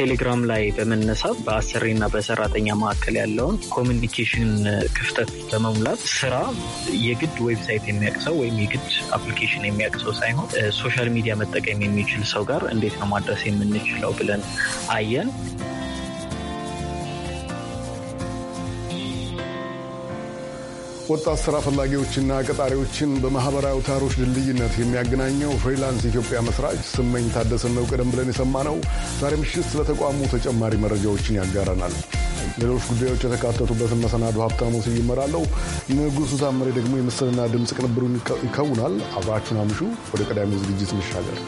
ቴሌግራም ላይ በመነሳት በአሰሪና በሰራተኛ መካከል ያለውን ኮሚኒኬሽን ክፍተት በመሙላት ስራ የግድ ዌብሳይት የሚያቅሰው ወይም የግድ አፕሊኬሽን የሚያቅሰው ሳይሆን ሶሻል ሚዲያ መጠቀም የሚችል ሰው ጋር እንዴት ነው ማድረስ የምንችለው ብለን አየን። ወጣት ስራ ፈላጊዎችና ቀጣሪዎችን በማህበራዊ አውታሮች ድልድይነት የሚያገናኘው ፍሪላንስ ኢትዮጵያ መስራች ስመኝ ታደሰን ነው ቀደም ብለን የሰማ ነው። ዛሬ ምሽት ስለ ተቋሙ ተጨማሪ መረጃዎችን ያጋራናል። ሌሎች ጉዳዮች የተካተቱበትን መሰናዶ ሀብታሙ ይመራለው። ንጉሱ ታምሬ ደግሞ የምስልና ድምፅ ቅንብሩን ይከውናል። አብራችሁን አምሹ። ወደ ቀዳሚው ዝግጅት እንሻገር።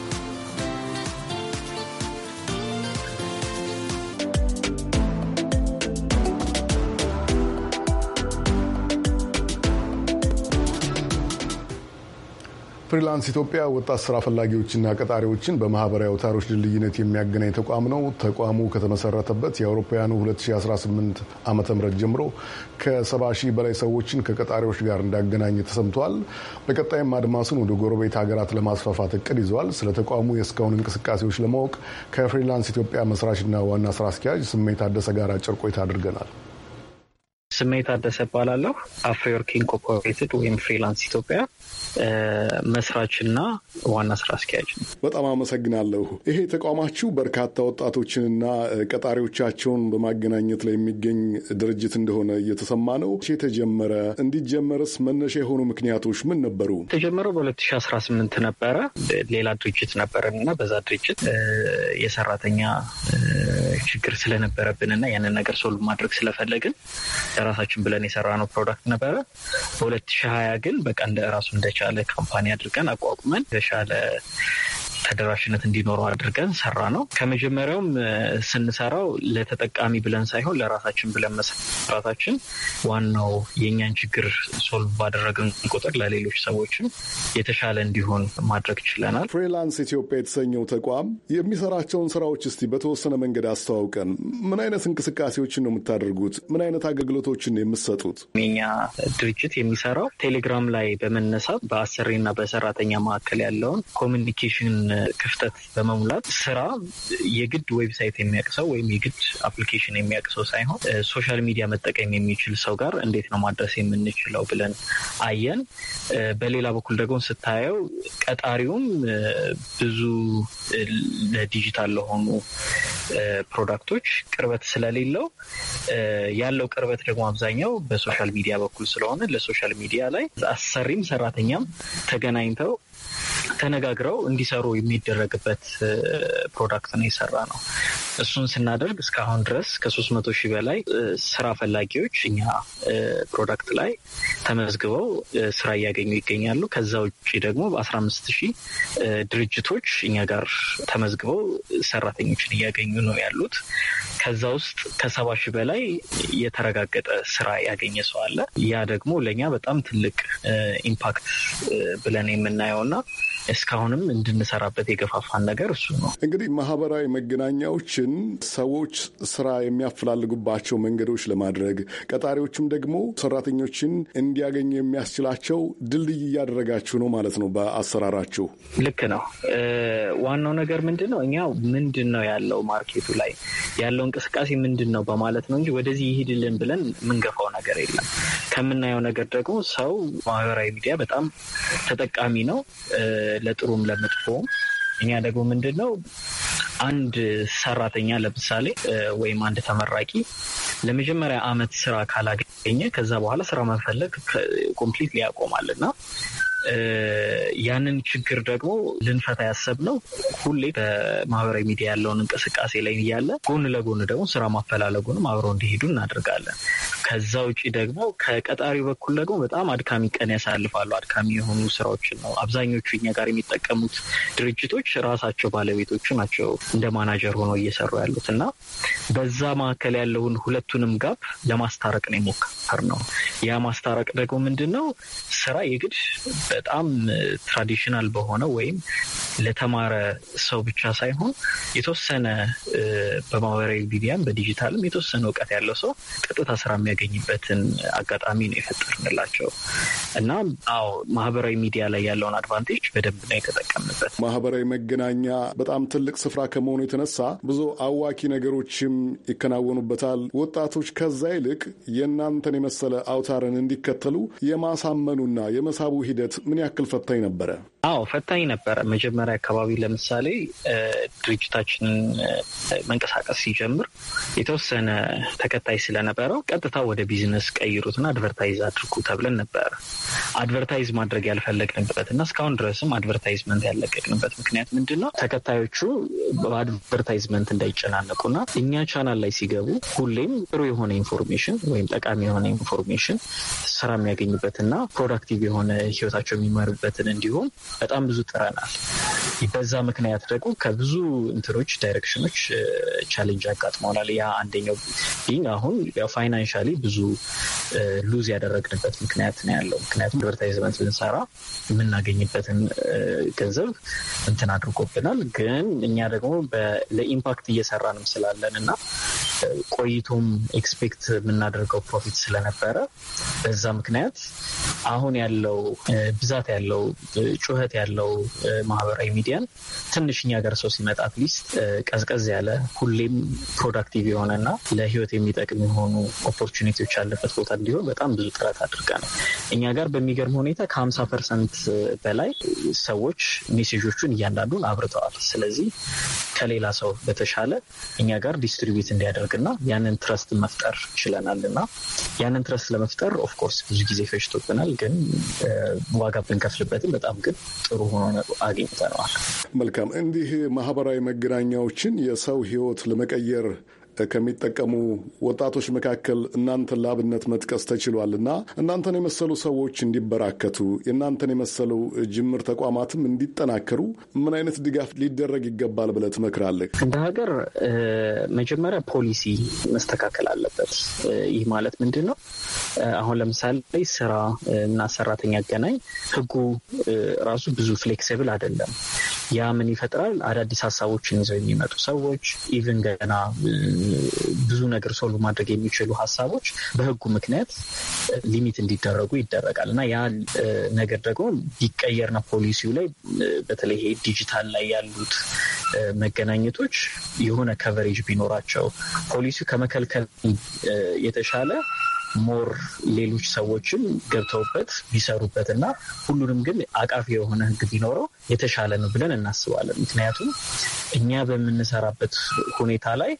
ፍሪላንስ ኢትዮጵያ ወጣት ስራ ፈላጊዎችና ቀጣሪዎችን በማህበራዊ አውታሮች ድልድይነት የሚያገናኝ ተቋም ነው። ተቋሙ ከተመሰረተበት የአውሮፓውያኑ 2018 ዓ ም ጀምሮ ከ 7 ሺህ በላይ ሰዎችን ከቀጣሪዎች ጋር እንዳገናኘ ተሰምቷል። በቀጣይም አድማሱን ወደ ጎረቤት ሀገራት ለማስፋፋት እቅድ ይዟል። ስለ ተቋሙ የእስካሁን እንቅስቃሴዎች ለማወቅ ከፍሪላንስ ኢትዮጵያ መስራችና ዋና ስራ አስኪያጅ ስሜት አደሰ ጋር አጭር ቆይታ አድርገናል። ስሜት አደሰ እባላለሁ። አፍሪወርኪንግ ኮርፖሬትድ ወይም ፍሪላንስ ኢትዮጵያ መስራችና ዋና ስራ አስኪያጅ ነው። በጣም አመሰግናለሁ። ይሄ ተቋማችሁ በርካታ ወጣቶችንና ቀጣሪዎቻቸውን በማገናኘት ላይ የሚገኝ ድርጅት እንደሆነ እየተሰማ ነው። የተጀመረ እንዲጀመርስ መነሻ የሆኑ ምክንያቶች ምን ነበሩ? የተጀመረው በ2018 ነበረ። ሌላ ድርጅት ነበረን እና በዛ ድርጅት የሰራተኛ ችግር ስለነበረብን እና ያንን ነገር ሶልቭ ማድረግ ስለፈለግን ለራሳችን ብለን የሰራነው ፕሮዳክት ነበረ። በ2020 ግን በቃ እንደ ራሱ እንደ የተሻለ ካምፓኒ አድርገን አቋቁመን የተሻለ ተደራሽነት እንዲኖረው አድርገን ሰራ ነው። ከመጀመሪያውም ስንሰራው ለተጠቃሚ ብለን ሳይሆን ለራሳችን ብለን መስራታችን ዋናው የእኛን ችግር ሶልቭ ባደረግን ቁጥር ለሌሎች ሰዎችም የተሻለ እንዲሆን ማድረግ ችለናል። ፍሪላንስ ኢትዮጵያ የተሰኘው ተቋም የሚሰራቸውን ስራዎች እስቲ በተወሰነ መንገድ አስተዋውቀን። ምን አይነት እንቅስቃሴዎችን ነው የምታደርጉት? ምን አይነት አገልግሎቶችን የምትሰጡት? የኛ ድርጅት የሚሰራው ቴሌግራም ላይ በመነሳት በአሰሪና በሰራተኛ መካከል ያለውን ኮሚኒኬሽን ክፍተት በመሙላት ስራ የግድ ዌብሳይት የሚያቅሰው ወይም የግድ አፕሊኬሽን የሚያቅሰው ሳይሆን ሶሻል ሚዲያ መጠቀም የሚችል ሰው ጋር እንዴት ነው ማድረስ የምንችለው ብለን አየን። በሌላ በኩል ደግሞ ስታየው ቀጣሪውም ብዙ ለዲጂታል ለሆኑ ፕሮዳክቶች ቅርበት ስለሌለው ያለው ቅርበት ደግሞ አብዛኛው በሶሻል ሚዲያ በኩል ስለሆነ ለሶሻል ሚዲያ ላይ አሰሪም ሰራተኛም ተገናኝተው ተነጋግረው እንዲሰሩ የሚደረግበት ፕሮዳክት ነው የሰራ ነው። እሱን ስናደርግ እስካሁን ድረስ ከሶስት መቶ ሺህ በላይ ስራ ፈላጊዎች እኛ ፕሮዳክት ላይ ተመዝግበው ስራ እያገኙ ይገኛሉ። ከዛ ውጭ ደግሞ በአስራ አምስት ሺህ ድርጅቶች እኛ ጋር ተመዝግበው ሰራተኞችን እያገኙ ነው ያሉት። ከዛ ውስጥ ከሰባ ሺህ በላይ የተረጋገጠ ስራ ያገኘ ሰው አለ። ያ ደግሞ ለእኛ በጣም ትልቅ ኢምፓክት ብለን የምናየውና እስካሁንም እንድንሰራበት የገፋፋን ነገር እሱ ነው። እንግዲህ ማህበራዊ መገናኛዎችን ሰዎች ስራ የሚያፈላልጉባቸው መንገዶች ለማድረግ ቀጣሪዎችም ደግሞ ሰራተኞችን እንዲያገኙ የሚያስችላቸው ድልድይ እያደረጋችሁ ነው ማለት ነው። በአሰራራችሁ ልክ ነው። ዋናው ነገር ምንድን ነው? እኛ ምንድን ነው ያለው ማርኬቱ ላይ ያለው እንቅስቃሴ ምንድን ነው በማለት ነው እንጂ ወደዚህ ይሄድልን ብለን የምንገፋው ነገር የለም። ከምናየው ነገር ደግሞ ሰው ማህበራዊ ሚዲያ በጣም ተጠቃሚ ነው። ለጥሩም ለመጥፎም። እኛ ደግሞ ምንድን ነው አንድ ሰራተኛ ለምሳሌ ወይም አንድ ተመራቂ ለመጀመሪያ አመት ስራ ካላገኘ ከዛ በኋላ ስራ መፈለግ ኮምፕሊት ሊያቆማል እና ያንን ችግር ደግሞ ልንፈታ ያሰብነው ሁሌ በማህበራዊ ሚዲያ ያለውን እንቅስቃሴ ላይ እያለ ጎን ለጎን ደግሞ ስራ ማፈላለጉንም አብረው እንዲሄዱ እናደርጋለን። ከዛ ውጭ ደግሞ ከቀጣሪው በኩል ደግሞ በጣም አድካሚ ቀን ያሳልፋሉ። አድካሚ የሆኑ ስራዎችን ነው አብዛኞቹ እኛ ጋር የሚጠቀሙት ድርጅቶች ራሳቸው ባለቤቶቹ ናቸው እንደ ማናጀር ሆነው እየሰሩ ያሉት እና በዛ መካከል ያለውን ሁለቱንም ጋብ ለማስታረቅ ነው ነው። ያ ማስታረቅ ደግሞ ምንድን ነው ስራ የግድ በጣም ትራዲሽናል በሆነ ወይም ለተማረ ሰው ብቻ ሳይሆን የተወሰነ በማህበራዊ ሚዲያም በዲጂታልም የተወሰነ እውቀት ያለው ሰው ቀጥታ ስራ የምናገኝበትን አጋጣሚ ነው የፈጠርንላቸው እና አዎ ማህበራዊ ሚዲያ ላይ ያለውን አድቫንቴጅ በደንብ ነው የተጠቀምበት። ማህበራዊ መገናኛ በጣም ትልቅ ስፍራ ከመሆኑ የተነሳ ብዙ አዋኪ ነገሮችም ይከናወኑበታል። ወጣቶች ከዛ ይልቅ የእናንተን የመሰለ አውታርን እንዲከተሉ የማሳመኑና የመሳቡ ሂደት ምን ያክል ፈታኝ ነበረ? አዎ ፈታኝ ነበረ። መጀመሪያ አካባቢ ለምሳሌ ድርጅታችንን መንቀሳቀስ ሲጀምር የተወሰነ ተከታይ ስለነበረው ቀጥታ ወደ ቢዝነስ ቀይሩትና አድቨርታይዝ አድርጉ ተብለን ነበረ። አድቨርታይዝ ማድረግ ያልፈለግንበት እና እስካሁን ድረስም አድቨርታይዝመንት ያለቀቅንበት ምክንያት ምንድን ነው? ተከታዮቹ በአድቨርታይዝመንት እንዳይጨናነቁና እኛ ቻናል ላይ ሲገቡ ሁሌም ጥሩ የሆነ ኢንፎርሜሽን ወይም ጠቃሚ የሆነ ኢንፎርሜሽን ስራ የሚያገኙበትና ፕሮዳክቲቭ የሆነ ህይወታቸው የሚመሩበትን እንዲሁም በጣም ብዙ ጥረናል። በዛ ምክንያት ደግሞ ከብዙ እንትኖች ዳይሬክሽኖች ቻሌንጅ አጋጥመውናል። ያ አንደኛው ቢኝ አሁን ፋይናንሻሊ ብዙ ሉዝ ያደረግንበት ምክንያት ነው ያለው። ምክንያቱም አድቨርታይዝመንት ብንሰራ የምናገኝበትን ገንዘብ እንትን አድርጎብናል። ግን እኛ ደግሞ ለኢምፓክት እየሰራንም ስላለን እና ቆይቶም ኤክስፔክት የምናደርገው ፕሮፊት ስለነበረ በዛ ምክንያት አሁን ያለው ብዛት ያለው ጩኸት ይዘት ያለው ማህበራዊ ሚዲያን ትንሽ እኛ ጋር ሰው ሲመጣ አትሊስት ቀዝቀዝ ያለ ሁሌም ፕሮዳክቲቭ የሆነና ለህይወት የሚጠቅም የሆኑ ኦፖርቹኒቲዎች ያለበት ቦታ እንዲሆን በጣም ብዙ ጥረት ነው። እኛ ጋር በሚገርም ሁኔታ ከሀምሳ ፐርሰንት በላይ ሰዎች ሜሴጆቹን እያንዳንዱን አብርተዋል። ስለዚህ ከሌላ ሰው በተሻለ እኛ ጋር ዲስትሪቢዩት እንዲያደርግና ያንን ትረስት መፍጠር ችለናል እና ያንን ትረስት ለመፍጠር ኦፍኮርስ ብዙ ጊዜ ፈጅቶብናል፣ ግን ዋጋ ብንከፍልበትም በጣም ግን ጥሩ ሆኖ አግኝተነዋል። መልካም። እንዲህ ማህበራዊ መገናኛዎችን የሰው ህይወት ለመቀየር ከሚጠቀሙ ወጣቶች መካከል እናንተን ለአብነት መጥቀስ ተችሏል እና እናንተን የመሰሉ ሰዎች እንዲበራከቱ የእናንተን የመሰሉ ጅምር ተቋማትም እንዲጠናከሩ ምን አይነት ድጋፍ ሊደረግ ይገባል ብለህ ትመክራለህ? እንደ ሀገር መጀመሪያ ፖሊሲ መስተካከል አለበት። ይህ ማለት ምንድን ነው? አሁን ለምሳሌ ስራ እና ሰራተኛ አገናኝ ህጉ ራሱ ብዙ ፍሌክሲብል አይደለም። ያ ምን ይፈጥራል? አዳዲስ ሀሳቦችን ይዘው የሚመጡ ሰዎች ኢቭን ገና ብዙ ነገር ሶልቭ ማድረግ የሚችሉ ሀሳቦች በህጉ ምክንያት ሊሚት እንዲደረጉ ይደረጋል እና ያ ነገር ደግሞ ቢቀየርና ፖሊሲው ላይ በተለይ ይሄ ዲጂታል ላይ ያሉት መገናኘቶች የሆነ ከቨሬጅ ቢኖራቸው ፖሊሲው ከመከልከል የተሻለ ሞር ሌሎች ሰዎችን ገብተውበት ቢሰሩበት እና ሁሉንም ግን አቃፊ የሆነ ህግ ቢኖረው የተሻለ ነው ብለን እናስባለን። ምክንያቱም እኛ በምንሰራበት ሁኔታ ላይ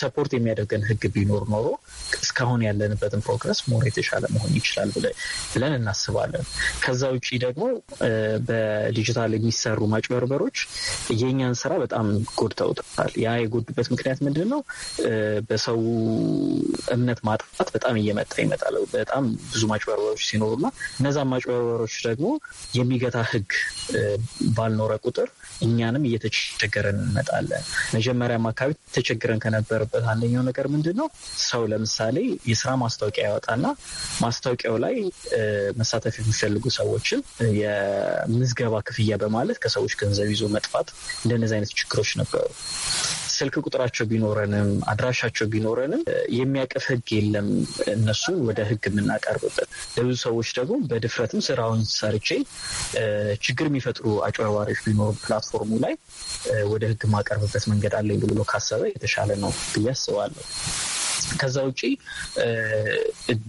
ሰፖርት የሚያደርገን ህግ ቢኖር ኖሮ እስካሁን ያለንበትን ፕሮግረስ ሞር የተሻለ መሆን ይችላል ብለን እናስባለን። ከዛ ውጭ ደግሞ በዲጂታል የሚሰሩ ማጭበርበሮች የእኛን ስራ በጣም ጎድተውታል። ያ የጎዱበት ምክንያት ምንድን ነው? በሰው እምነት ማጥፋት በጣም እየመጣ ይመጣል። በጣም ብዙ ማጭበርበሮች ሲኖሩና እነዛን ማጭበርበሮች ደግሞ የሚገታ ህግ። ባልኖረ ቁጥር እኛንም እየተቸገረን እንመጣለን። መጀመሪያም አካባቢ ተቸግረን ከነበረበት አንደኛው ነገር ምንድን ነው? ሰው ለምሳሌ የስራ ማስታወቂያ ያወጣና ማስታወቂያው ላይ መሳተፍ የሚፈልጉ ሰዎችን የምዝገባ ክፍያ በማለት ከሰዎች ገንዘብ ይዞ መጥፋት፣ እንደነዚህ አይነት ችግሮች ነበሩ። ስልክ ቁጥራቸው ቢኖረንም አድራሻቸው ቢኖረንም የሚያቅፍ ህግ የለም እነሱን ወደ ህግ የምናቀርብበት። ለብዙ ሰዎች ደግሞ በድፍረትም ስራውን ሰርቼ ችግር የሚፈጥሩ አጭበርባሪዎች ቢኖሩ ፕላትፎርሙ ላይ ወደ ህግ ማቀርብበት መንገድ አለኝ ብሎ ካሰበ የተሻለ ነው ብዬ አስባለሁ። ከዛ ውጪ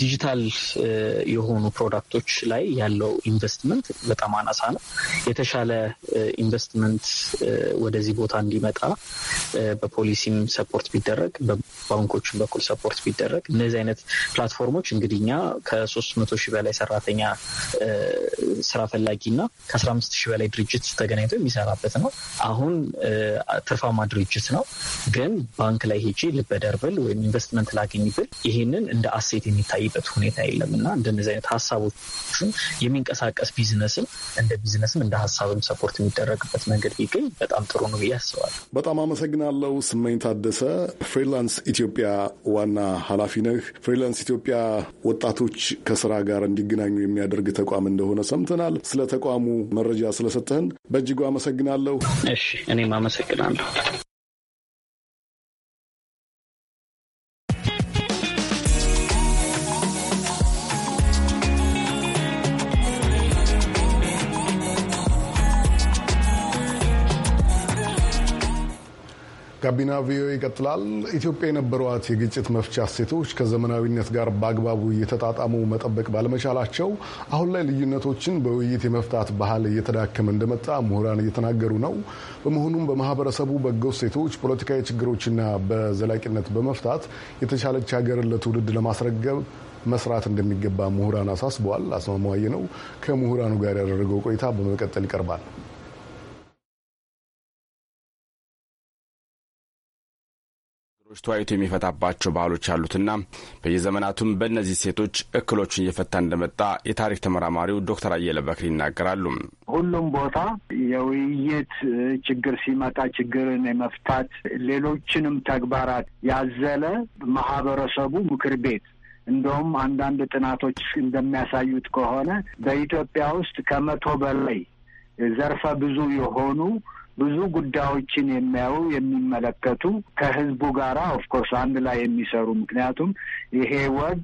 ዲጂታል የሆኑ ፕሮዳክቶች ላይ ያለው ኢንቨስትመንት በጣም አናሳ ነው። የተሻለ ኢንቨስትመንት ወደዚህ ቦታ እንዲመጣ በፖሊሲም ሰፖርት ቢደረግ፣ በባንኮችም በኩል ሰፖርት ቢደረግ እነዚህ አይነት ፕላትፎርሞች እንግዲህ እኛ ከሶስት መቶ ሺህ በላይ ሰራተኛ ስራ ፈላጊ እና ከአስራ አምስት ሺህ በላይ ድርጅት ተገናኝቶ የሚሰራበት ነው። አሁን ትርፋማ ድርጅት ነው። ግን ባንክ ላይ ሄጂ ልበደርብል ወይም ኢንቨስትመንት ኢንቨስትመንት ላግኝ ብል ይህንን እንደ አሴት የሚታይበት ሁኔታ የለም እና እንደነዚህ አይነት ሀሳቦችን የሚንቀሳቀስ ቢዝነስም እንደ ቢዝነስም እንደ ሀሳብም ሰፖርት የሚደረግበት መንገድ ቢገኝ በጣም ጥሩ ነው ብዬ አስባለሁ። በጣም አመሰግናለሁ። ስመኝ ታደሰ ፍሪላንስ ኢትዮጵያ ዋና ኃላፊ ነህ። ፍሪላንስ ኢትዮጵያ ወጣቶች ከስራ ጋር እንዲገናኙ የሚያደርግ ተቋም እንደሆነ ሰምተናል። ስለ ተቋሙ መረጃ ስለሰጠህን በእጅጉ አመሰግናለሁ። እሺ፣ እኔም አመሰግናለሁ። ጋቢና ቪኦኤ ይቀጥላል። ኢትዮጵያ የነበሯት የግጭት መፍቻ ሴቶች ከዘመናዊነት ጋር በአግባቡ እየተጣጣሙ መጠበቅ ባለመቻላቸው አሁን ላይ ልዩነቶችን በውይይት የመፍታት ባህል እየተዳከመ እንደመጣ ምሁራን እየተናገሩ ነው። በመሆኑም በማህበረሰቡ በጎ ሴቶች ፖለቲካዊ ችግሮችና በዘላቂነት በመፍታት የተሻለች ሀገርን ለትውልድ ለማስረገብ መስራት እንደሚገባ ምሁራን አሳስበዋል። አስማማዋየ ነው ከምሁራኑ ጋር ያደረገው ቆይታ በመቀጠል ይቀርባል። ሴቶች ተወያይቶ የሚፈታባቸው ባህሎች አሉትና በየዘመናቱም በእነዚህ ሴቶች እክሎችን እየፈታ እንደመጣ የታሪክ ተመራማሪው ዶክተር አየለ በክር ይናገራሉ። ሁሉም ቦታ የውይይት ችግር ሲመጣ ችግርን የመፍታት ሌሎችንም ተግባራት ያዘለ ማህበረሰቡ ምክር ቤት እንደውም አንዳንድ ጥናቶች እንደሚያሳዩት ከሆነ በኢትዮጵያ ውስጥ ከመቶ በላይ ዘርፈ ብዙ የሆኑ ብዙ ጉዳዮችን የሚያዩ የሚመለከቱ ከህዝቡ ጋራ ኦፍኮርስ አንድ ላይ የሚሰሩ ምክንያቱም ይሄ ወግ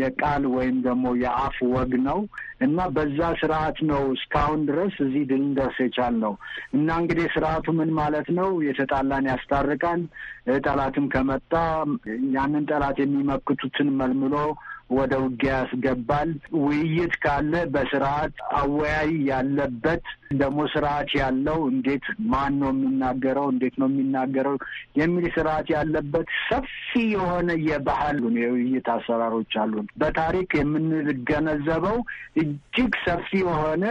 የቃል ወይም ደግሞ የአፍ ወግ ነው እና በዛ ስርዓት ነው እስካሁን ድረስ እዚህ ልንደርስ የቻልነው እና እንግዲህ ስርዓቱ ምን ማለት ነው? የተጣላን ያስታርቃል። ጠላትም ከመጣ ያንን ጠላት የሚመክቱትን መልምሎ ወደ ውጊያ ያስገባል። ውይይት ካለ በስርዓት አወያይ ያለበት ደግሞ ስርዓት ያለው እንዴት ማን ነው የሚናገረው፣ እንዴት ነው የሚናገረው የሚል ስርዓት ያለበት ሰፊ የሆነ የባህል የውይይት አሰራሮች አሉ። በታሪክ የምንገነዘበው እጅግ ሰፊ የሆነ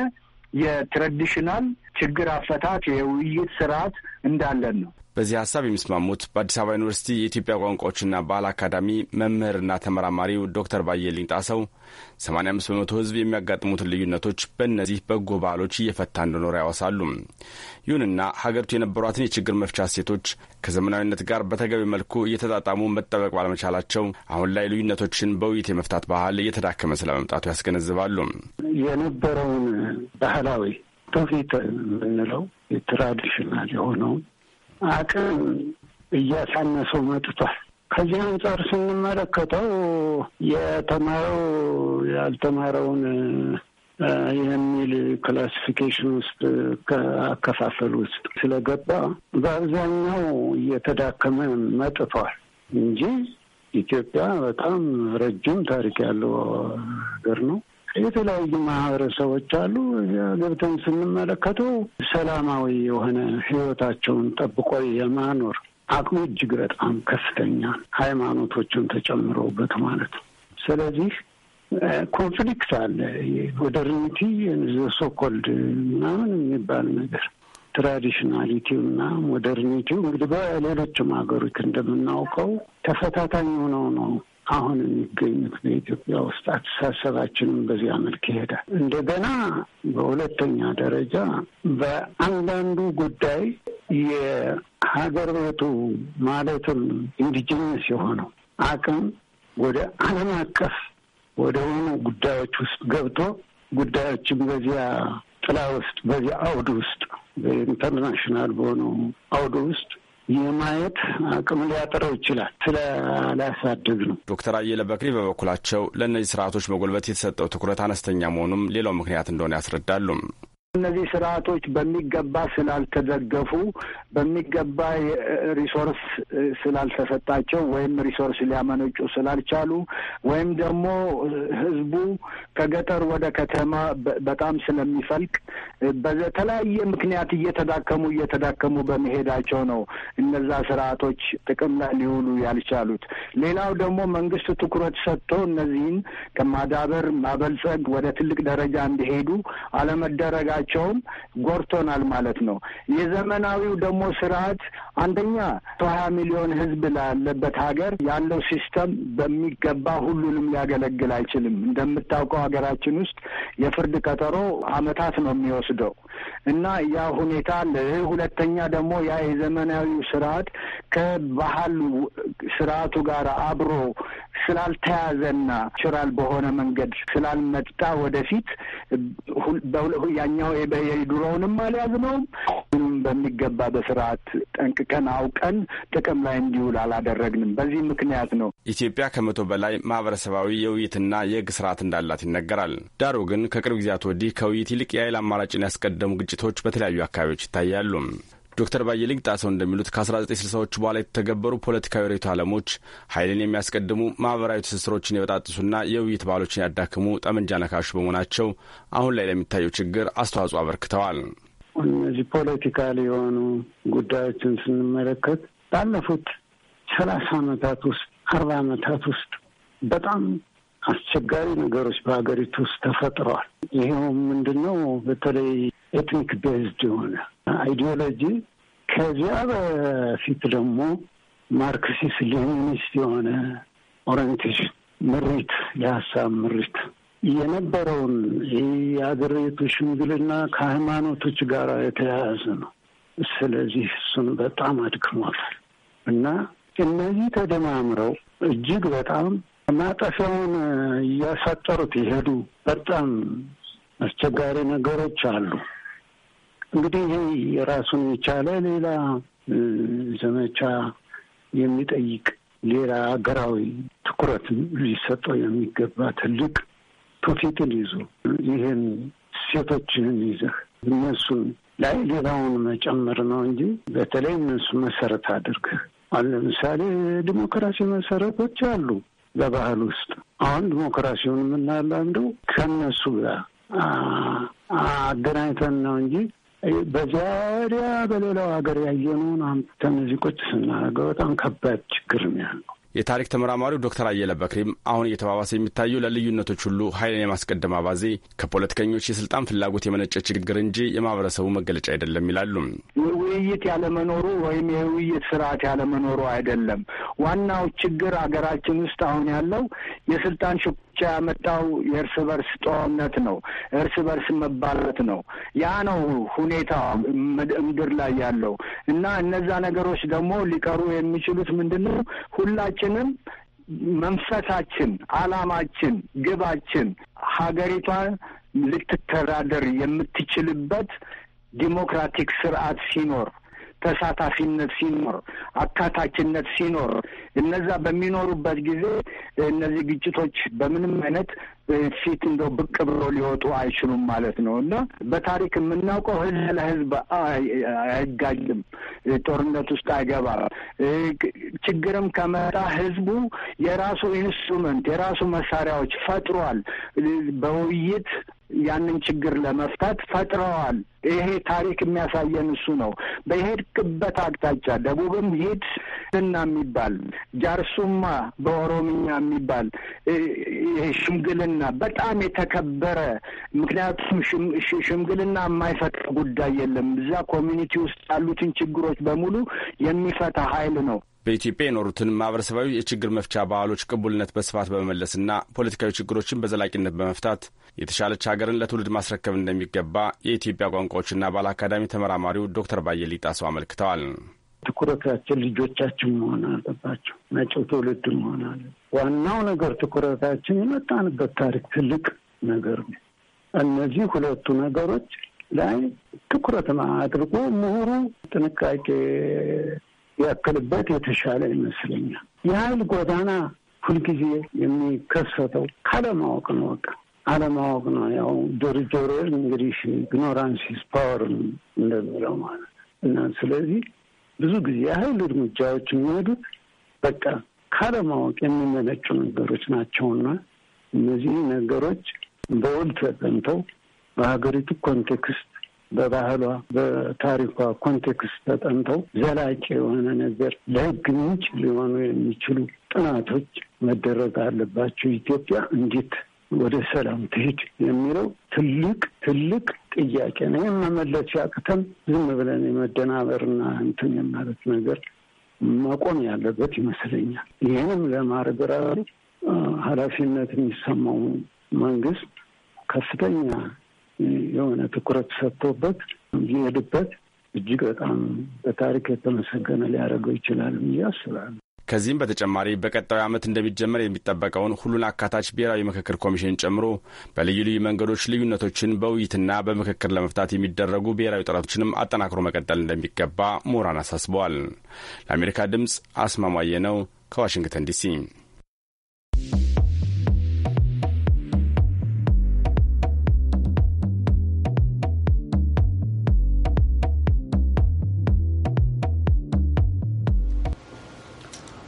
የትራዲሽናል ችግር አፈታት የውይይት ስርዓት እንዳለን ነው። በዚህ ሀሳብ የሚስማሙት በአዲስ አበባ ዩኒቨርሲቲ የኢትዮጵያ ቋንቋዎችና ባህል አካዳሚ መምህርና ተመራማሪው ዶክተር ባየልኝ ጣሰው 85 በመቶ ሕዝብ የሚያጋጥሙትን ልዩነቶች በእነዚህ በጎ ባህሎች እየፈታ እንደኖረ ያወሳሉ። ይሁንና ሀገሪቱ የነበሯትን የችግር መፍቻ ሴቶች ከዘመናዊነት ጋር በተገቢ መልኩ እየተጣጣሙ መጠበቅ ባለመቻላቸው አሁን ላይ ልዩነቶችን በውይይት የመፍታት ባህል እየተዳከመ ስለመምጣቱ ያስገነዝባሉ። የነበረውን ባህላዊ ቶፊት የምንለው ትራዲሽናል የሆነውን አቅም እያሳነሰው መጥቷል። ከዚህ አንጻር ስንመለከተው የተማረው ያልተማረውን የሚል ክላሲፊኬሽን ውስጥ ከአከፋፈል ውስጥ ስለገባ በአብዛኛው እየተዳከመ መጥቷል እንጂ ኢትዮጵያ በጣም ረጅም ታሪክ ያለው ሀገር ነው። የተለያዩ ማህበረሰቦች አሉ። ገብተን ስንመለከተው ሰላማዊ የሆነ ህይወታቸውን ጠብቆ የማኖር አቅሙ እጅግ በጣም ከፍተኛ ሃይማኖቶችን ተጨምረውበት ማለት ነው። ስለዚህ ኮንፍሊክት አለ። ሞደርኒቲ ሶኮልድ ምናምን የሚባል ነገር ትራዲሽናሊቲው እና ሞደርኒቲው እንግዲህ በሌሎችም ሀገሮች እንደምናውቀው ተፈታታኝ ሆነው ነው አሁን የሚገኙት በኢትዮጵያ ውስጥ አስተሳሰባችንም በዚያ መልክ ይሄዳል። እንደገና በሁለተኛ ደረጃ በአንዳንዱ ጉዳይ የሀገር ቤቱ ማለትም ኢንዲጂነስ የሆነው አቅም ወደ ዓለም አቀፍ ወደ ሆኑ ጉዳዮች ውስጥ ገብቶ ጉዳዮችን በዚያ ጥላ ውስጥ በዚያ አውድ ውስጥ በኢንተርናሽናል በሆነው አውድ ውስጥ የማየት አቅም ሊያጠረው ይችላል። ስለላያሳድግ ነው። ዶክተር አየለ በክሪ በበኩላቸው ለእነዚህ ስርዓቶች መጎልበት የተሰጠው ትኩረት አነስተኛ መሆኑም ሌላው ምክንያት እንደሆነ ያስረዳሉ። እነዚህ ስርዓቶች በሚገባ ስላልተደገፉ በሚገባ ሪሶርስ ስላልተሰጣቸው ወይም ሪሶርስ ሊያመነጩ ስላልቻሉ ወይም ደግሞ ህዝቡ ከገጠር ወደ ከተማ በጣም ስለሚፈልቅ በተለያየ ምክንያት እየተዳከሙ እየተዳከሙ በመሄዳቸው ነው እነዛ ስርዓቶች ጥቅም ላይ ሊውሉ ያልቻሉት። ሌላው ደግሞ መንግስት ትኩረት ሰጥቶ እነዚህን ከማዳበር ማበልጸግ ወደ ትልቅ ደረጃ እንዲሄዱ አለመደረጋ ስራቸውም ጎርቶናል ማለት ነው። የዘመናዊው ደግሞ ስርዓት አንደኛ ሀያ ሚሊዮን ህዝብ ላለበት ሀገር ያለው ሲስተም በሚገባ ሁሉንም ሊያገለግል አይችልም። እንደምታውቀው ሀገራችን ውስጥ የፍርድ ቀጠሮ አመታት ነው የሚወስደው እና ያ ሁኔታ አለ። ሁለተኛ ደግሞ ያ የዘመናዊው ስርዓት ከባህል ስርዓቱ ጋር አብሮ ስላልተያዘና ችራል በሆነ መንገድ ስላልመጣ ወደፊት ያኛው የድሮውንም አልያዝ ምንም በሚገባ በስርዓት ጠንቅ ጠንቅቀን አውቀን ጥቅም ላይ እንዲውል አላደረግንም። በዚህ ምክንያት ነው። ኢትዮጵያ ከመቶ በላይ ማህበረሰባዊ የውይይትና የህግ ስርዓት እንዳላት ይነገራል። ዳሩ ግን ከቅርብ ጊዜያት ወዲህ ከውይይት ይልቅ የኃይል አማራጭን ያስቀደሙ ግጭቶች በተለያዩ አካባቢዎች ይታያሉ። ዶክተር ባየልግ ጣሰው እንደሚሉት ከ1960ዎቹ በኋላ የተተገበሩ ፖለቲካዊ ሬቱ ዓለሞች ኃይልን የሚያስቀድሙ ማህበራዊ ትስስሮችን የበጣጥሱና የውይይት ባህሎችን ያዳክሙ ጠመንጃ ነካሹ በመሆናቸው አሁን ላይ ለሚታየው ችግር አስተዋጽኦ አበርክተዋል። እነዚህ ፖለቲካል የሆኑ ጉዳዮችን ስንመለከት ባለፉት ሰላሳ ዓመታት ውስጥ አርባ ዓመታት ውስጥ በጣም አስቸጋሪ ነገሮች በሀገሪቱ ውስጥ ተፈጥረዋል። ይኸውም ምንድን ነው? በተለይ ኤትኒክ ቤዝድ የሆነ አይዲዮሎጂ ከዚያ በፊት ደግሞ ማርክሲስ ሌኒኒስት የሆነ ኦሪንቴሽን ምሪት፣ የሀሳብ ምሪት የነበረውን የአገሪቱ ሽምግልና ከሃይማኖቶች ጋር የተያያዘ ነው። ስለዚህ እሱን በጣም አድክሞታል እና እነዚህ ተደማምረው እጅግ በጣም ማጠፊያውን እያሳጠሩት የሄዱ በጣም አስቸጋሪ ነገሮች አሉ። እንግዲህ ይህ የራሱን የቻለ ሌላ ዘመቻ የሚጠይቅ ሌላ ሀገራዊ ትኩረት ሊሰጠው የሚገባ ትልቅ ቱፊትን ይዞ ይህን ሴቶችህን ይዘህ እነሱን ላይ ሌላውን መጨመር ነው እንጂ በተለይ እነሱ መሰረት አድርገህ አሁን ለምሳሌ ዲሞክራሲ መሰረቶች አሉ በባህል ውስጥ አሁን ዲሞክራሲውን የምናላምደው ከነሱ ጋር አገናኝተን ነው እንጂ በዚያ በሌላው ሀገር ያየነውን አምጥተን እዚህ ቁጭ ስናደርገው በጣም ከባድ ችግር ነው ያለው። የታሪክ ተመራማሪው ዶክተር አየለ በክሪም አሁን እየተባባሰ የሚታየው ለልዩነቶች ሁሉ ኃይልን የማስቀደም አባዜ ከፖለቲከኞች የስልጣን ፍላጎት የመነጨ ችግር እንጂ የማህበረሰቡ መገለጫ አይደለም ይላሉ። ውይይት ያለመኖሩ ወይም የውይይት ስርዓት ያለመኖሩ አይደለም። ዋናው ችግር አገራችን ውስጥ አሁን ያለው የስልጣን ብቻ ያመጣው የእርስ በርስ ጦርነት ነው። እርስ በርስ መባላት ነው። ያ ነው ሁኔታ ምድር ላይ ያለው እና እነዛ ነገሮች ደግሞ ሊቀሩ የሚችሉት ምንድን ነው? ሁላችንም መንፈሳችን፣ አላማችን፣ ግባችን ሀገሪቷን ልትተዳደር የምትችልበት ዲሞክራቲክ ስርዓት ሲኖር ተሳታፊነት ሲኖር፣ አካታችነት ሲኖር እነዛ በሚኖሩበት ጊዜ እነዚህ ግጭቶች በምንም አይነት ፊት እንደው ብቅ ብሎ ሊወጡ አይችሉም ማለት ነው እና በታሪክ የምናውቀው ህዝብ ለህዝብ አይጋጭም፣ ጦርነት ውስጥ አይገባም። ችግርም ከመጣ ህዝቡ የራሱ ኢንስትሩመንት የራሱ መሳሪያዎች ፈጥሯል። በውይይት ያንን ችግር ለመፍታት ፈጥረዋል። ይሄ ታሪክ የሚያሳየን እሱ ነው። በሄድክበት አቅጣጫ ደቡብም ሂድ እና የሚባል ጃርሱማ በኦሮምኛ የሚባል ይሄ ሽምግልና በጣም የተከበረ ምክንያቱም ሽምግልና የማይፈጥር ጉዳይ የለም። እዛ ኮሚኒቲ ውስጥ ያሉትን ችግሮች በሙሉ የሚፈታ ኃይል ነው። በኢትዮጵያ የኖሩትን ማህበረሰባዊ የችግር መፍቻ ባህሎች ቅቡልነት በስፋት በመመለስና ፖለቲካዊ ችግሮችን በዘላቂነት በመፍታት የተሻለች ሀገርን ለትውልድ ማስረከብ እንደሚገባ የኢትዮጵያ ቋንቋዎችና ባህል አካዳሚ ተመራማሪው ዶክተር ባየሊ ጣሰው አመልክተዋል። ትኩረታችን ልጆቻችን መሆን አለባቸው። መጪው ትውልድ መሆን አለ። ዋናው ነገር ትኩረታችን የመጣንበት ታሪክ ትልቅ ነገር ነው። እነዚህ ሁለቱ ነገሮች ላይ ትኩረት አድርጎ ምሁሩ ጥንቃቄ ያክልበት የተሻለ ይመስለኛል። የኃይል ጎዳና ሁልጊዜ የሚከሰተው ካለማወቅ ነው። በቃ አለማወቅ ነው። ያው ዶርጆሬ እንግዲህ ኢግኖራንስ ኢዝ ፓወር እንደሚለው ማለት እና ስለዚህ ብዙ ጊዜ የኃይል እርምጃዎች የሚሄዱት በቃ ካለማወቅ የሚመነጩ ነገሮች ናቸውና እነዚህ ነገሮች በውል ተጠንተው በሀገሪቱ ኮንቴክስት በባህሏ በታሪኳ ኮንቴክስት ተጠንተው ዘላቂ የሆነ ነገር ለህግ ምንጭ ሊሆኑ የሚችሉ ጥናቶች መደረግ አለባቸው። ኢትዮጵያ እንዴት ወደ ሰላም ትሄድ የሚለው ትልቅ ትልቅ ጥያቄ ነው። ይህም መመለስ ሲያቅተን ዝም ብለን የመደናበርና እንትን የማለት ነገር መቆም ያለበት ይመስለኛል። ይህንም ለማድረግ ራሱ ኃላፊነት የሚሰማው መንግስት ከፍተኛ የሆነ ትኩረት ሰጥቶበት ሊሄድበት እጅግ በጣም በታሪክ የተመሰገነ ሊያደርገው ይችላል ብዬ አስባለሁ። ከዚህም በተጨማሪ በቀጣዩ ዓመት እንደሚጀመር የሚጠበቀውን ሁሉን አካታች ብሔራዊ ምክክር ኮሚሽን ጨምሮ በልዩ ልዩ መንገዶች ልዩነቶችን በውይይትና በምክክር ለመፍታት የሚደረጉ ብሔራዊ ጥረቶችንም አጠናክሮ መቀጠል እንደሚገባ ምሁራን አሳስበዋል። ለአሜሪካ ድምፅ አስማማየ ነው ከዋሽንግተን ዲሲ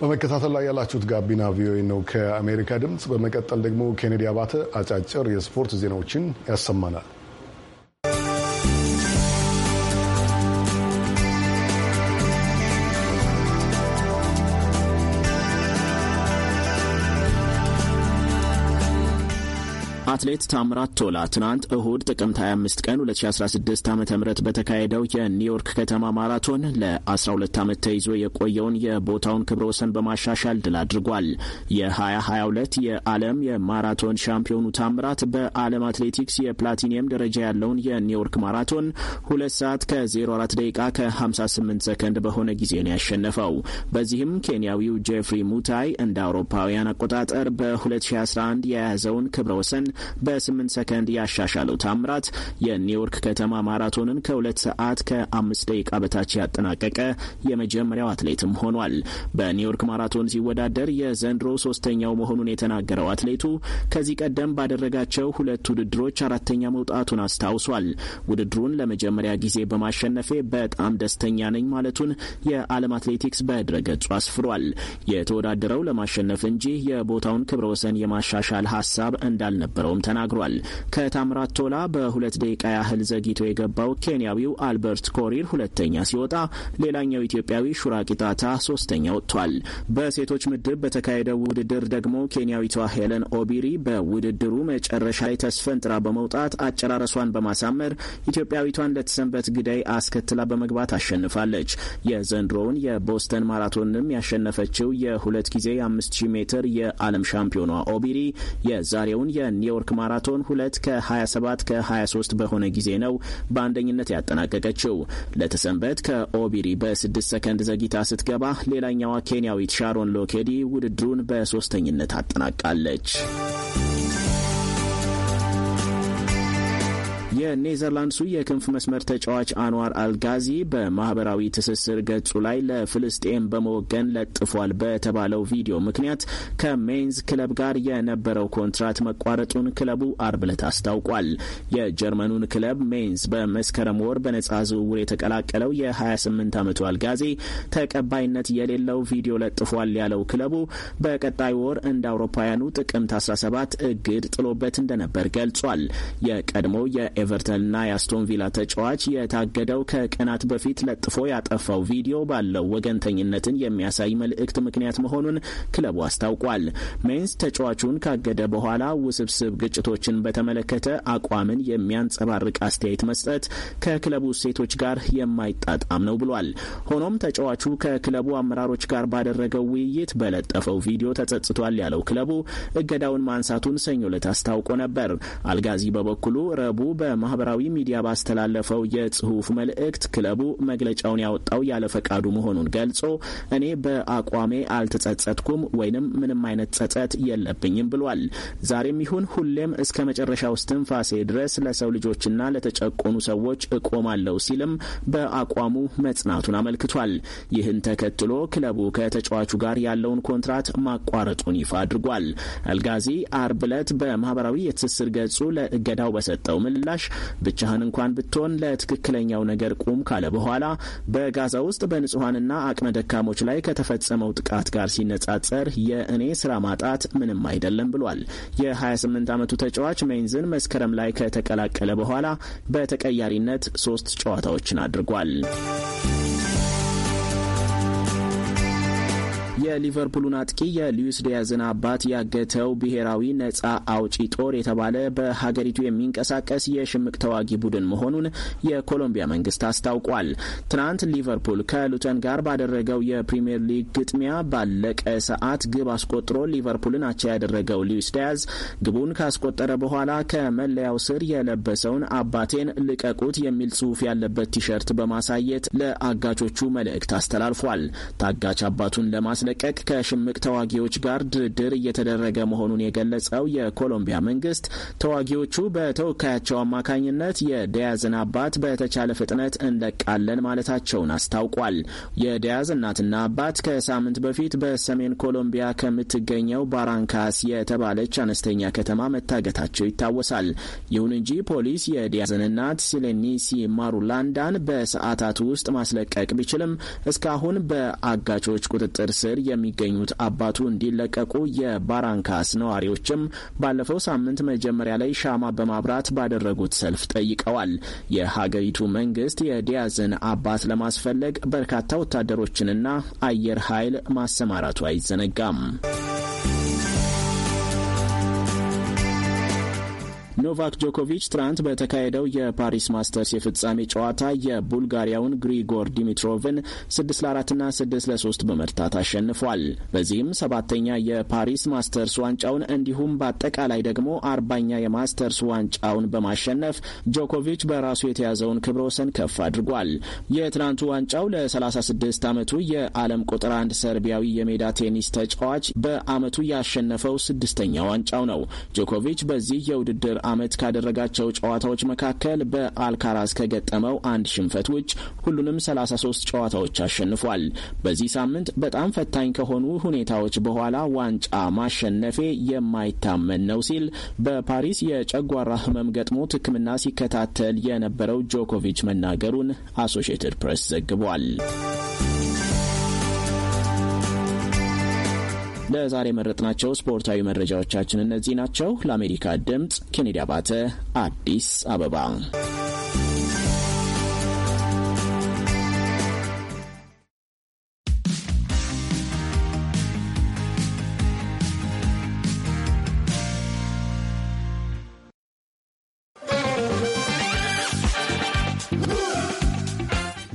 በመከታተል ላይ ያላችሁት ጋቢና ቪኦኤ ነው ከአሜሪካ ድምፅ። በመቀጠል ደግሞ ኬኔዲ አባተ አጫጭር የስፖርት ዜናዎችን ያሰማናል። አትሌት ታምራት ቶላ ትናንት እሁድ ጥቅምት 25 ቀን 2016 ዓ ም በተካሄደው የኒውዮርክ ከተማ ማራቶን ለ12 ዓመት ተይዞ የቆየውን የቦታውን ክብረ ወሰን በማሻሻል ድል አድርጓል። የ2022 የዓለም የማራቶን ሻምፒዮኑ ታምራት በዓለም አትሌቲክስ የፕላቲኒየም ደረጃ ያለውን የኒውዮርክ ማራቶን 2 ሰዓት ከ04 ደቂቃ ከ58 ሰከንድ በሆነ ጊዜ ነው ያሸነፈው። በዚህም ኬንያዊው ጄፍሪ ሙታይ እንደ አውሮፓውያን አቆጣጠር በ2011 የያዘውን ክብረ ወሰን በ በ8 ሰከንድ ያሻሻለው ታምራት የኒውዮርክ ከተማ ማራቶንን ከሁለት ሰዓት ከአምስት ደቂቃ በታች ያጠናቀቀ የመጀመሪያው አትሌትም ሆኗል። በኒውዮርክ ማራቶን ሲወዳደር የዘንድሮ ሶስተኛው መሆኑን የተናገረው አትሌቱ ከዚህ ቀደም ባደረጋቸው ሁለት ውድድሮች አራተኛ መውጣቱን አስታውሷል። ውድድሩን ለመጀመሪያ ጊዜ በማሸነፌ በጣም ደስተኛ ነኝ ማለቱን የዓለም አትሌቲክስ በድረገጹ አስፍሯል። የተወዳደረው ለማሸነፍ እንጂ የቦታውን ክብረ ወሰን የማሻሻል ሀሳብ እንዳልነበረው እንደሚኖረውም ተናግሯል። ከታምራት ቶላ በሁለት ደቂቃ ያህል ዘግይቶ የገባው ኬንያዊው አልበርት ኮሪር ሁለተኛ ሲወጣ፣ ሌላኛው ኢትዮጵያዊ ሹራ ቂጣታ ሶስተኛ ወጥቷል። በሴቶች ምድብ በተካሄደው ውድድር ደግሞ ኬንያዊቷ ሄለን ኦቢሪ በውድድሩ መጨረሻ ላይ ተስፈንጥራ በመውጣት አጨራረሷን በማሳመር ኢትዮጵያዊቷን ለተሰንበት ግዳይ አስከትላ በመግባት አሸንፋለች። የዘንድሮውን የቦስተን ማራቶንም ያሸነፈችው የሁለት ጊዜ የአምስት ሺህ ሜትር የዓለም ሻምፒዮኗ ኦቢሪ የዛሬውን የኒው ኒውዮርክ ማራቶን ሁለት ከ27 ከ23 በሆነ ጊዜ ነው በአንደኝነት ያጠናቀቀችው። ለተሰንበት ከኦቢሪ በ6 ሰከንድ ዘግይታ ስትገባ፣ ሌላኛዋ ኬንያዊት ሻሮን ሎኬዲ ውድድሩን በሶስተኝነት አጠናቃለች። የኔዘርላንድሱ የክንፍ መስመር ተጫዋች አንዋር አልጋዚ በማህበራዊ ትስስር ገጹ ላይ ለፍልስጤም በመወገን ለጥፏል በተባለው ቪዲዮ ምክንያት ከሜንዝ ክለብ ጋር የነበረው ኮንትራት መቋረጡን ክለቡ አርብ ዕለት አስታውቋል። የጀርመኑን ክለብ ሜንዝ በመስከረም ወር በነጻ ዝውውር የተቀላቀለው የ28 ዓመቱ አልጋዚ ተቀባይነት የሌለው ቪዲዮ ለጥፏል ያለው ክለቡ በቀጣይ ወር እንደ አውሮፓውያኑ ጥቅምት 17 እግድ ጥሎበት እንደነበር ገልጿል። የቀድሞ የ የኤቨርተንና የአስቶን ቪላ ተጫዋች የታገደው ከቀናት በፊት ለጥፎ ያጠፋው ቪዲዮ ባለው ወገንተኝነትን የሚያሳይ መልእክት ምክንያት መሆኑን ክለቡ አስታውቋል። ሜንስ ተጫዋቹን ካገደ በኋላ ውስብስብ ግጭቶችን በተመለከተ አቋምን የሚያንጸባርቅ አስተያየት መስጠት ከክለቡ እሴቶች ጋር የማይጣጣም ነው ብሏል። ሆኖም ተጫዋቹ ከክለቡ አመራሮች ጋር ባደረገው ውይይት በለጠፈው ቪዲዮ ተጸጽቷል ያለው ክለቡ እገዳውን ማንሳቱን ሰኞ ዕለት አስታውቆ ነበር። አልጋዚ በበኩሉ ረቡዕ በማህበራዊ ሚዲያ ባስተላለፈው የጽሁፍ መልእክት ክለቡ መግለጫውን ያወጣው ያለ ፈቃዱ መሆኑን ገልጾ እኔ በአቋሜ አልተጸጸትኩም ወይንም ምንም አይነት ጸጸት የለብኝም ብሏል። ዛሬም ይሁን ሁሌም እስከ መጨረሻው እስትንፋሴ ድረስ ለሰው ልጆችና ለተጨቆኑ ሰዎች እቆማለሁ ሲልም በአቋሙ መጽናቱን አመልክቷል። ይህን ተከትሎ ክለቡ ከተጫዋቹ ጋር ያለውን ኮንትራት ማቋረጡን ይፋ አድርጓል። አልጋዚ አርብ ዕለት በማህበራዊ የትስስር ገጹ ለእገዳው በሰጠው ምላሽ ጋሽ ብቻህን እንኳን ብትሆን ለትክክለኛው ነገር ቁም ካለ በኋላ በጋዛ ውስጥ በንጹሐንና አቅመ ደካሞች ላይ ከተፈጸመው ጥቃት ጋር ሲነጻጸር የእኔ ስራ ማጣት ምንም አይደለም ብሏል። የ28 ዓመቱ ተጫዋች ሜንዝን መስከረም ላይ ከተቀላቀለ በኋላ በተቀያሪነት ሶስት ጨዋታዎችን አድርጓል። የሊቨርፑሉን አጥቂ የሉዊስ ዲያዝን አባት ያገተው ብሔራዊ ነጻ አውጪ ጦር የተባለ በሀገሪቱ የሚንቀሳቀስ የሽምቅ ተዋጊ ቡድን መሆኑን የኮሎምቢያ መንግስት አስታውቋል። ትናንት ሊቨርፑል ከሉተን ጋር ባደረገው የፕሪምየር ሊግ ግጥሚያ ባለቀ ሰዓት ግብ አስቆጥሮ ሊቨርፑልን አቻ ያደረገው ሉዊስ ዲያዝ ግቡን ካስቆጠረ በኋላ ከመለያው ስር የለበሰውን አባቴን ልቀቁት የሚል ጽሑፍ ያለበት ቲሸርት በማሳየት ለአጋቾቹ መልእክት አስተላልፏል። ታጋች አባቱን ለማስለ ለማስለቀቅ ከሽምቅ ተዋጊዎች ጋር ድርድር እየተደረገ መሆኑን የገለጸው የኮሎምቢያ መንግስት ተዋጊዎቹ በተወካያቸው አማካኝነት የደያዝን አባት በተቻለ ፍጥነት እንለቃለን ማለታቸውን አስታውቋል። የደያዝ እናትና አባት ከሳምንት በፊት በሰሜን ኮሎምቢያ ከምትገኘው ባራንካስ የተባለች አነስተኛ ከተማ መታገታቸው ይታወሳል። ይሁን እንጂ ፖሊስ የዲያዝን እናት ሲሌኒሲ ማሩላንዳን በሰዓታት ውስጥ ማስለቀቅ ቢችልም እስካሁን በአጋቾች ቁጥጥር ስር የሚገኙት አባቱ እንዲለቀቁ የባራንካስ ነዋሪዎችም ባለፈው ሳምንት መጀመሪያ ላይ ሻማ በማብራት ባደረጉት ሰልፍ ጠይቀዋል። የሀገሪቱ መንግስት የዲያዝን አባት ለማስፈለግ በርካታ ወታደሮችንና አየር ኃይል ማሰማራቱ አይዘነጋም። ኖቫክ ጆኮቪች ትናንት በተካሄደው የፓሪስ ማስተርስ የፍጻሜ ጨዋታ የቡልጋሪያውን ግሪጎር ዲሚትሮቭን 6 ለ4 ና 6 ለ3 በመርታት አሸንፏል። በዚህም ሰባተኛ የፓሪስ ማስተርስ ዋንጫውን እንዲሁም በአጠቃላይ ደግሞ አርባኛ የማስተርስ ዋንጫውን በማሸነፍ ጆኮቪች በራሱ የተያዘውን ክብረ ወሰን ከፍ አድርጓል። የትናንቱ ዋንጫው ለ36 ዓመቱ የዓለም ቁጥር አንድ ሰርቢያዊ የሜዳ ቴኒስ ተጫዋች በዓመቱ ያሸነፈው ስድስተኛ ዋንጫው ነው። ጆኮቪች በዚህ የውድድር ዓመት ካደረጋቸው ጨዋታዎች መካከል በአልካራዝ ከገጠመው አንድ ሽንፈት ውጭ ሁሉንም 33 ጨዋታዎች አሸንፏል። በዚህ ሳምንት በጣም ፈታኝ ከሆኑ ሁኔታዎች በኋላ ዋንጫ ማሸነፌ የማይታመን ነው ሲል በፓሪስ የጨጓራ ህመም ገጥሞት ሕክምና ሲከታተል የነበረው ጆኮቪች መናገሩን አሶሺየትድ ፕሬስ ዘግቧል። ለዛሬ የመረጥናቸው ስፖርታዊ መረጃዎቻችን እነዚህ ናቸው። ለአሜሪካ ድምፅ ኬኔዲ አባተ አዲስ አበባ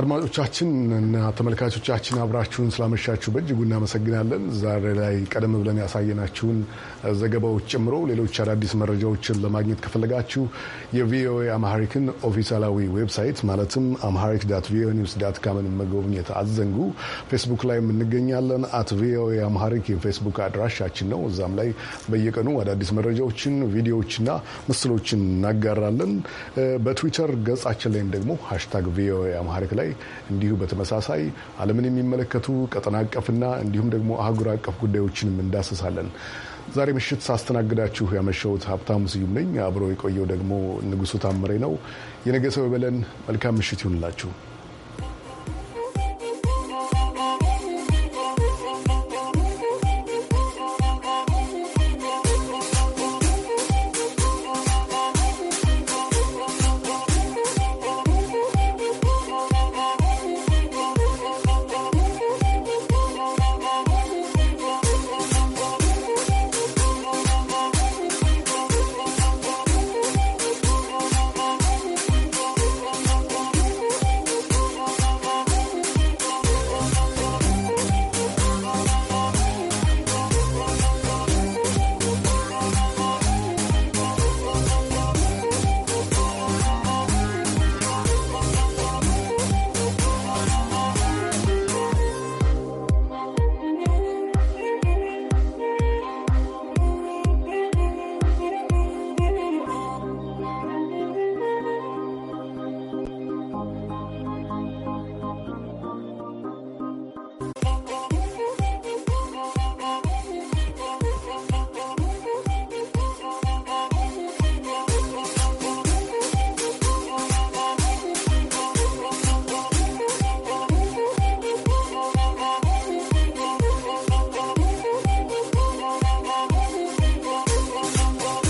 አድማጮቻችን እና ተመልካቾቻችን አብራችሁን ስላመሻችሁ በእጅጉ እናመሰግናለን። ዛሬ ላይ ቀደም ብለን ያሳየናችሁን ዘገባዎች ጨምሮ ሌሎች አዳዲስ መረጃዎችን ለማግኘት ከፈለጋችሁ የቪኦኤ አምሃሪክን ኦፊሳላዊ ዌብሳይት ማለትም አምሃሪክ ዳት ቪኦኤ ኒውስ ዳት ካምን መጎብኘት አትዘንጉ። ፌስቡክ ላይ እንገኛለን። አት ቪኦኤ አምሃሪክ የፌስቡክ አድራሻችን ነው። እዛም ላይ በየቀኑ አዳዲስ መረጃዎችን፣ ቪዲዮዎችና ምስሎችን እናጋራለን። በትዊተር ገጻችን ላይም ደግሞ ሃሽታግ ቪኦኤ አምሃሪክ ላይ ላይ እንዲሁ በተመሳሳይ ዓለምን የሚመለከቱ ቀጠና አቀፍና እንዲሁም ደግሞ አህጉር አቀፍ ጉዳዮችንም እንዳስሳለን። ዛሬ ምሽት ሳስተናግዳችሁ ያመሸሁት ሀብታሙ ስዩም ነኝ። አብሮ የቆየው ደግሞ ንጉሱ ታምሬ ነው። የነገ ሰው ይበለን። መልካም ምሽት ይሁንላችሁ።